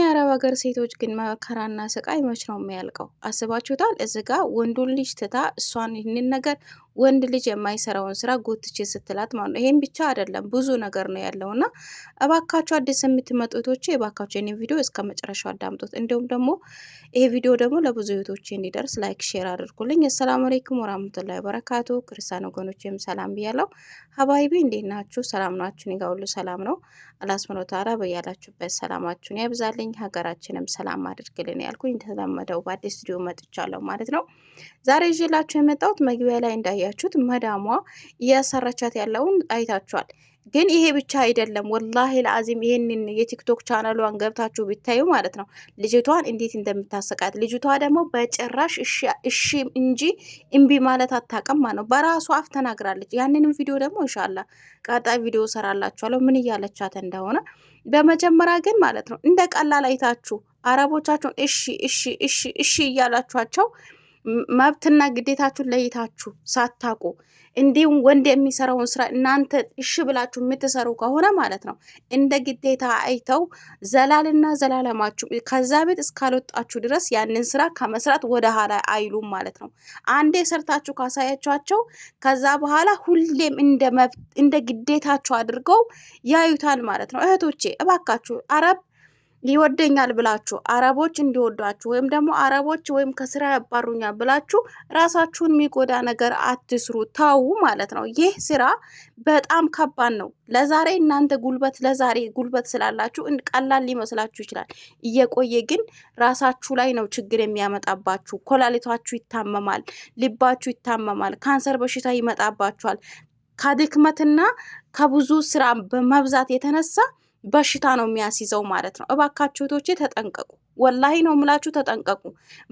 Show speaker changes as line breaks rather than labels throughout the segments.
የአረብ ሀገር ሴቶች ግን መከራና ስቃይ መች ነው የሚያልቀው? አስባችሁታል? እዚ ጋ ወንዱን ልጅ ትታ እሷን ይህንን ነገር ወንድ ልጅ የማይሰራውን ስራ ጎትቼ ስትላት ማለት ነው። ይሄን ብቻ አይደለም ብዙ ነገር ነው ያለው እና እባካችሁ አዲስ የምትመጡ እህቶቼ እባካችሁ የኔ ቪዲዮ እስከ መጨረሻው አዳምጡት። እንዲሁም ደግሞ ይሄ ቪዲዮ ደግሞ ለብዙ እህቶቼ እንዲደርስ ላይክ፣ ሼር አድርጉልኝ። አሰላሙ አለይኩም ወራህመቱላሂ ወበረካቱ። ክርስቲያን ወገኖቼም ሰላም ብያለሁ። ሀባይቢ እንዴት ናችሁ? ሰላም ናችሁ? እኔ ጋር ሁሉ ሰላም ነው። አላህ ታራ ወተዓላ በያላችሁበት ሰላማችሁን ያብዛልኝ፣ ሀገራችንም ሰላም አድርግልን ያልኩኝ እንደተለመደው በአዲስ ቪዲዮ መጥቻለሁ ማለት ነው። ዛሬ ይዤላችሁ የመጣሁት መግቢያ ላይ እንዳ እንዳያችሁት መዳሟ እያሰራቻት ያለውን አይታችኋል። ግን ይሄ ብቻ አይደለም። ወላሂ ለአዚም ይሄንን የቲክቶክ ቻናሏን ገብታችሁ ብታዩ ማለት ነው ልጅቷን እንዴት እንደምታሰቃት። ልጅቷ ደግሞ በጭራሽ እሺ እንጂ እምቢ ማለት አታቀማ ነው። በራሱ አፍ ተናግራለች። ያንንም ቪዲዮ ደግሞ እንሻላ ቀጣይ ቪዲዮ ሰራላችኋለሁ ምን እያለቻት እንደሆነ። በመጀመሪያ ግን ማለት ነው እንደ ቀላል አይታችሁ አረቦቻችሁን እሺ እሺ እሺ እሺ እያላችኋቸው መብትና ግዴታችሁን ለይታችሁ ሳታውቁ እንዲሁም ወንድ የሚሰራውን ስራ እናንተ እሺ ብላችሁ የምትሰሩ ከሆነ ማለት ነው እንደ ግዴታ አይተው ዘላልና ዘላለማችሁ ከዛ ቤት እስካልወጣችሁ ድረስ ያንን ስራ ከመስራት ወደ ኋላ አይሉም ማለት ነው። አንዴ ሰርታችሁ ካሳያችኋቸው ከዛ በኋላ ሁሌም እንደ ግዴታችሁ አድርገው ያዩታል ማለት ነው። እህቶቼ እባካችሁ አረብ ይወደኛል ብላችሁ አረቦች እንዲወዷችሁ ወይም ደግሞ አረቦች ወይም ከስራ ያባሩኛል ብላችሁ ራሳችሁን የሚጎዳ ነገር አትስሩ፣ ተው ማለት ነው። ይህ ስራ በጣም ከባድ ነው። ለዛሬ እናንተ ጉልበት ለዛሬ ጉልበት ስላላችሁ ቀላል ሊመስላችሁ ይችላል። እየቆየ ግን ራሳችሁ ላይ ነው ችግር የሚያመጣባችሁ። ኮላሊቷችሁ ይታመማል፣ ልባችሁ ይታመማል፣ ካንሰር በሽታ ይመጣባችኋል። ከድክመትና ከብዙ ስራ በመብዛት የተነሳ በሽታ ነው የሚያስይዘው ማለት ነው። እባካችሁ እህቶቼ ተጠንቀቁ፣ ወላሂ ነው የምላችሁ ተጠንቀቁ።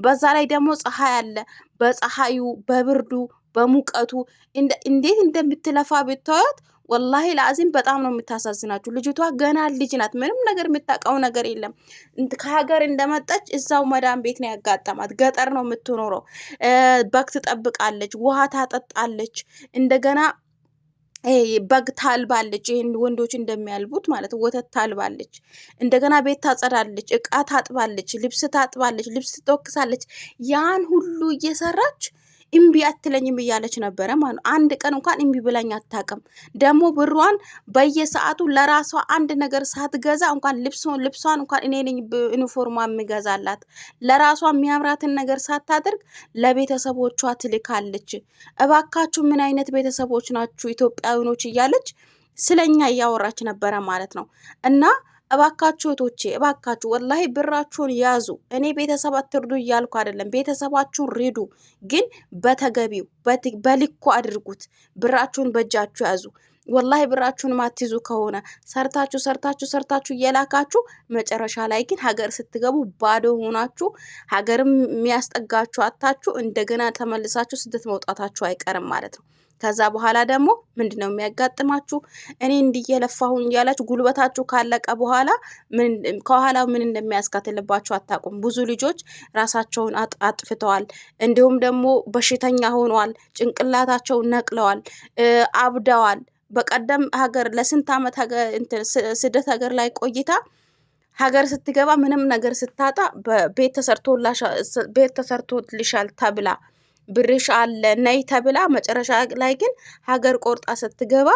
በዛ ላይ ደግሞ ፀሐይ አለ። በፀሐዩ በብርዱ በሙቀቱ እንዴት እንደምትለፋ ብታዩት ወላሂ ለአዚም በጣም ነው የምታሳዝናችሁ። ልጅቷ ገና ልጅ ናት። ምንም ነገር የምታውቀው ነገር የለም። ከሀገር እንደመጣች እዛው መዳን ቤት ነው ያጋጠማት። ገጠር ነው የምትኖረው። በግ ትጠብቃለች፣ ውሃ ታጠጣለች እንደገና በግ ታልባለች። ይህን ወንዶች እንደሚያልቡት ማለት ወተት ታልባለች። እንደገና ቤት ታጸዳለች፣ እቃ ታጥባለች፣ ልብስ ታጥባለች፣ ልብስ ትተኩሳለች። ያን ሁሉ እየሰራች እምቢ አትለኝም እያለች ነበረ ማለት ነው። አንድ ቀን እንኳን እምቢ ብላኝ አታውቅም። ደግሞ ብሯን በየሰዓቱ ለራሷ አንድ ነገር ሳትገዛ እንኳን ልብሷን እንኳን እኔ ነኝ ዩኒፎርማ የምገዛላት ለራሷ የሚያምራትን ነገር ሳታደርግ ለቤተሰቦቿ ትልካለች። እባካችሁ ምን አይነት ቤተሰቦች ናችሁ ኢትዮጵያዊኖች እያለች ስለኛ እያወራች ነበረ ማለት ነው እና እባካችሁ እህቶቼ እባካችሁ ወላሂ ብራችሁን ያዙ። እኔ ቤተሰብ አትርዱ እያልኩ አይደለም፣ ቤተሰባችሁን ሪዱ፣ ግን በተገቢው በልኩ አድርጉት። ብራችሁን በእጃችሁ ያዙ። ወላሂ ብራችሁን ማትይዙ ከሆነ ሰርታችሁ ሰርታችሁ ሰርታችሁ እየላካችሁ መጨረሻ ላይ ግን ሀገር ስትገቡ ባዶ ሆናችሁ ሀገርም የሚያስጠጋችሁ አታችሁ እንደገና ተመልሳችሁ ስደት መውጣታችሁ አይቀርም ማለት ነው። ከዛ በኋላ ደግሞ ምንድን ነው የሚያጋጥማችሁ? እኔ እንዲየለፋሁን እያላችሁ ጉልበታችሁ ካለቀ በኋላ ከኋላ ምን እንደሚያስከትልባችሁ አታውቁም። ብዙ ልጆች ራሳቸውን አጥፍተዋል፣ እንዲሁም ደግሞ በሽተኛ ሆነዋል፣ ጭንቅላታቸውን ነቅለዋል፣ አብደዋል። በቀደም ሀገር ለስንት ዓመት ስደት ሀገር ላይ ቆይታ ሀገር ስትገባ ምንም ነገር ስታጣ ቤት ተሰርቶልሻል ተብላ ብርሽ አለ ነይ ተብላ መጨረሻ ላይ ግን ሀገር ቆርጣ ስትገባ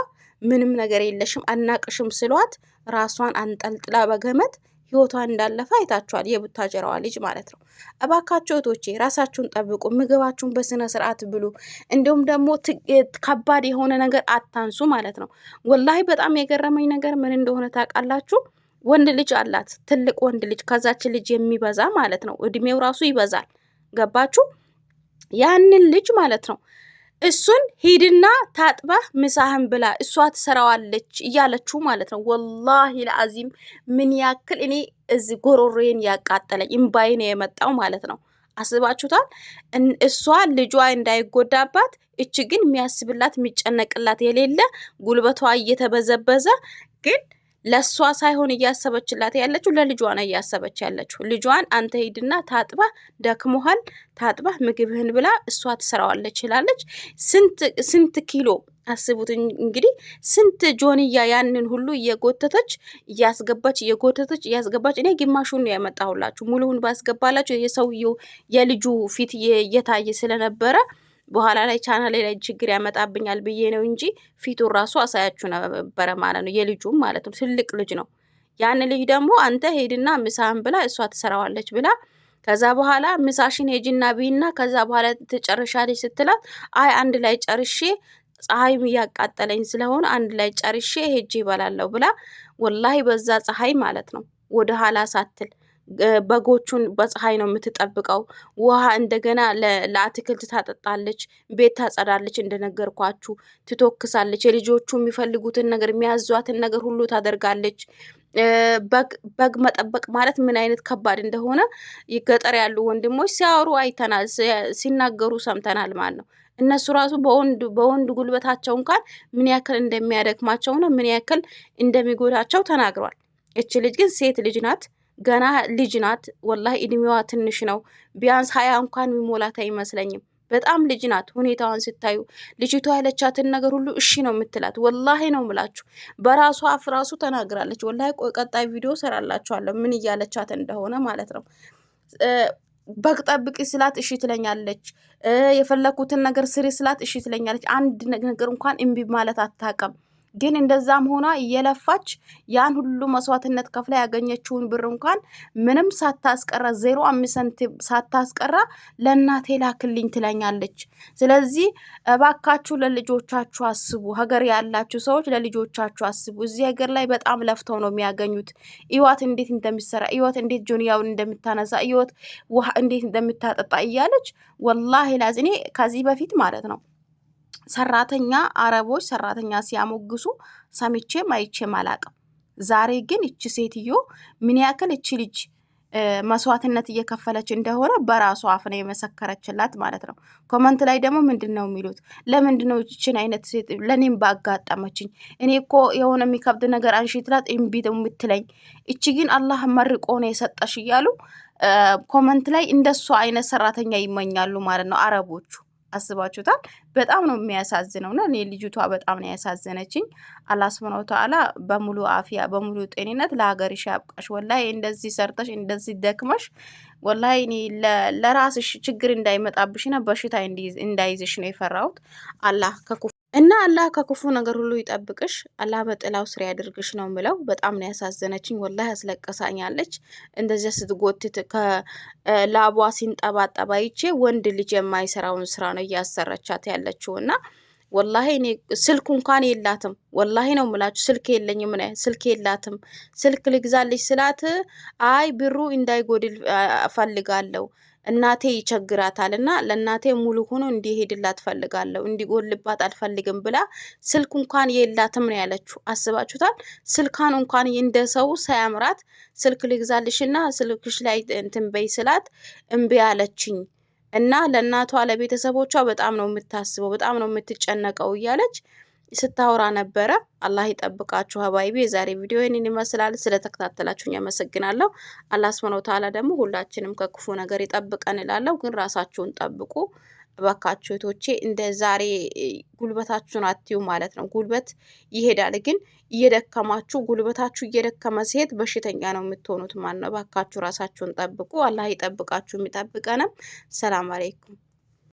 ምንም ነገር የለሽም አናቅሽም ስሏት ራሷን አንጠልጥላ በገመድ ህይወቷ እንዳለፈ አይታችኋል። የቡታጀራዋ ልጅ ማለት ነው። እባካችሁ እህቶቼ ራሳችሁን ጠብቁ፣ ምግባችሁን በስነ ስርዓት ብሉ። እንዲሁም ደግሞ ከባድ የሆነ ነገር አታንሱ ማለት ነው። ወላሂ በጣም የገረመኝ ነገር ምን እንደሆነ ታውቃላችሁ? ወንድ ልጅ አላት፣ ትልቅ ወንድ ልጅ ከዛች ልጅ የሚበዛ ማለት ነው። እድሜው ራሱ ይበዛል። ገባችሁ? ያንን ልጅ ማለት ነው እሱን ሂድና ታጥባህ ምሳህን ብላ እሷ ትሰራዋለች እያለችው ማለት ነው። ወላሂ ለአዚም ምን ያክል እኔ እዚህ ጎሮሮዬን ያቃጠለኝ እምባዬ ነው የመጣው ማለት ነው። አስባችሁታል? እሷ ልጇ እንዳይጎዳባት እች ግን የሚያስብላት የሚጨነቅላት የሌለ ጉልበቷ እየተበዘበዘ ግን ለእሷ ሳይሆን እያሰበችላት ያለችው ለልጇ ነው እያሰበች ያለችው። ልጇን አንተ ሂድና ታጥባ ደክሞሃል፣ ታጥባ ምግብህን ብላ እሷ ትሰራዋለች ይላለች። ስንት ኪሎ አስቡት እንግዲህ ስንት ጆንያ ያንን ሁሉ እየጎተተች እያስገባች እየጎተተች እያስገባች። እኔ ግማሹን ነው ያመጣሁላችሁ። ሙሉውን ባስገባላችሁ የሰውየው የልጁ ፊት እየታየ ስለነበረ በኋላ ላይ ቻናሌ ላይ ችግር ያመጣብኛል ብዬ ነው እንጂ ፊቱ ራሱ አሳያችሁ ነበረ ማለት ነው። የልጁም ማለት ነው። ትልቅ ልጅ ነው። ያን ልጅ ደግሞ አንተ ሄድና ምሳህን ብላ እሷ ትሰራዋለች ብላ ከዛ በኋላ ምሳሽን ሄጅና ብይና ከዛ በኋላ ትጨርሻለች ስትላት አይ አንድ ላይ ጨርሼ ፀሐይም እያቃጠለኝ ስለሆነ አንድ ላይ ጨርሼ ሄጅ ይበላለሁ ብላ ወላሂ በዛ ፀሐይ ማለት ነው ወደ ኋላ ሳትል በጎቹን በፀሐይ ነው የምትጠብቀው። ውሃ እንደገና ለአትክልት ታጠጣለች፣ ቤት ታጸዳለች፣ እንደነገርኳችሁ ትቶክሳለች። የልጆቹ የሚፈልጉትን ነገር የሚያዟትን ነገር ሁሉ ታደርጋለች። በግ መጠበቅ ማለት ምን አይነት ከባድ እንደሆነ ገጠር ያሉ ወንድሞች ሲያወሩ አይተናል፣ ሲናገሩ ሰምተናል ማለት ነው። እነሱ ራሱ በወንድ በወንድ ጉልበታቸው እንኳን ምን ያክል እንደሚያደክማቸውና ምን ያክል እንደሚጎዳቸው ተናግሯል። እች ልጅ ግን ሴት ልጅ ናት። ገና ልጅ ናት። ወላሂ እድሜዋ ትንሽ ነው። ቢያንስ ሀያ እንኳን የሚሞላት አይመስለኝም። በጣም ልጅ ናት። ሁኔታዋን ስታዩ ልጅቷ ያለቻትን ነገር ሁሉ እሺ ነው የምትላት። ወላሂ ነው ምላችሁ። በራሷ አፍ ራሱ ተናግራለች። ወላሂ ቀጣይ ቪዲዮ ሰራላችኋለሁ ምን እያለቻት እንደሆነ ማለት ነው። በግ ጠብቂ ስላት እሺ ትለኛለች። የፈለግኩትን ነገር ስሪ ስላት እሺ ትለኛለች። አንድ ነገር እንኳን እምቢ ማለት አታውቅም። ግን እንደዛም ሆና እየለፋች ያን ሁሉ መስዋዕትነት ከፍላ ያገኘችውን ብር እንኳን ምንም ሳታስቀራ ዜሮ አምስት ሳንቲም ሳታስቀራ ለእናቴ ላክልኝ ትለኛለች። ስለዚህ እባካችሁ ለልጆቻችሁ አስቡ። ሀገር ያላችሁ ሰዎች ለልጆቻችሁ አስቡ። እዚህ ሀገር ላይ በጣም ለፍተው ነው የሚያገኙት። ህይወት እንዴት እንደሚሰራ ህይወት እንዴት ጆንያውን እንደምታነሳ ህይወት ውሃ እንዴት እንደምታጠጣ እያለች ወላሂ ላዝ እኔ ከዚህ በፊት ማለት ነው ሰራተኛ አረቦች ሰራተኛ ሲያሞግሱ ሰምቼም አይቼም አላቅም። ዛሬ ግን እቺ ሴትዮ ምን ያክል እቺ ልጅ መስዋዕትነት እየከፈለች እንደሆነ በራሱ አፍ ነው የመሰከረችላት ማለት ነው። ኮመንት ላይ ደግሞ ምንድን ነው የሚሉት? ለምንድን ነው እችን አይነት ሴት ለእኔም ባጋጠመችኝ፣ እኔ እኮ የሆነ የሚከብድ ነገር አንሽትላት እምቢ የምትለኝ እቺ ግን አላህ መርቆ ነው የሰጠሽ እያሉ ኮመንት ላይ እንደሱ አይነት ሰራተኛ ይመኛሉ ማለት ነው አረቦቹ። አስባችሁታል? በጣም ነው የሚያሳዝነው። ና ልጅቷ በጣም ነው ያሳዘነችኝ። አላህ ሱብሃነሁ ወተዓላ በሙሉ አፍያ በሙሉ ጤንነት ለሀገርሽ ያብቃሽ። ወላሂ እንደዚህ ሰርተሽ እንደዚህ ደክመሽ ወላሂ እኔ ለራስሽ ችግር እንዳይመጣብሽ ና በሽታ እንዳይዝሽ ነው የፈራሁት። አላህ ከኩ እና አላህ ከክፉ ነገር ሁሉ ይጠብቅሽ፣ አላህ በጥላው ስር ያድርግሽ ነው ምለው። በጣም ነው ያሳዘነችኝ፣ ወላሂ ያስለቀሳኛለች። እንደዚያ ስትጎትት ከላቧ ሲንጠባጠባ ይቼ ወንድ ልጅ የማይሰራውን ስራ ነው እያሰረቻት ያለችው እና ወላሂ እኔ ስልኩ እንኳን የላትም። ወላሂ ነው የምላችሁ፣ ስልክ የለኝም፣ ስልክ የላትም። ስልክ ልግዛልሽ ስላት አይ ብሩ እንዳይጎድል እፈልጋለሁ እናቴ ይቸግራታል እና ለእናቴ ሙሉ ሆኖ እንዲሄድላት ፈልጋለሁ እንዲጎልባት አልፈልግም ብላ ስልክ እንኳን የላትም ነው ያለችው። አስባችሁታል? ስልካን እንኳን እንደ ሳያምራት ስልክ ልግዛልሽና ስልክሽ ላይ እንትን በይ ስላት እምቢ አለችኝ። እና ለእናቷ ለቤተሰቦቿ በጣም ነው የምታስበው፣ በጣም ነው የምትጨነቀው እያለች ስታወራ ነበረ። አላህ ይጠብቃችሁ ሀባይቢ። የዛሬ ቪዲዮ ይህንን ይመስላል። ስለተከታተላችሁኝ አመሰግናለሁ። አላህ ስብን ታላ ደግሞ ሁላችንም ከክፉ ነገር ይጠብቀን እላለሁ። ግን ራሳችሁን ጠብቁ። እባካችሁ እህቶቼ እንደ ዛሬ ጉልበታችሁን አትዩ ማለት ነው። ጉልበት ይሄዳል፣ ግን እየደከማችሁ ጉልበታችሁ እየደከመ ሲሄድ በሽተኛ ነው የምትሆኑት ማለት ነው። እባካችሁ ራሳችሁን ጠብቁ። አላህ ይጠብቃችሁ፣ የሚጠብቀንም። ሰላም አሌይኩም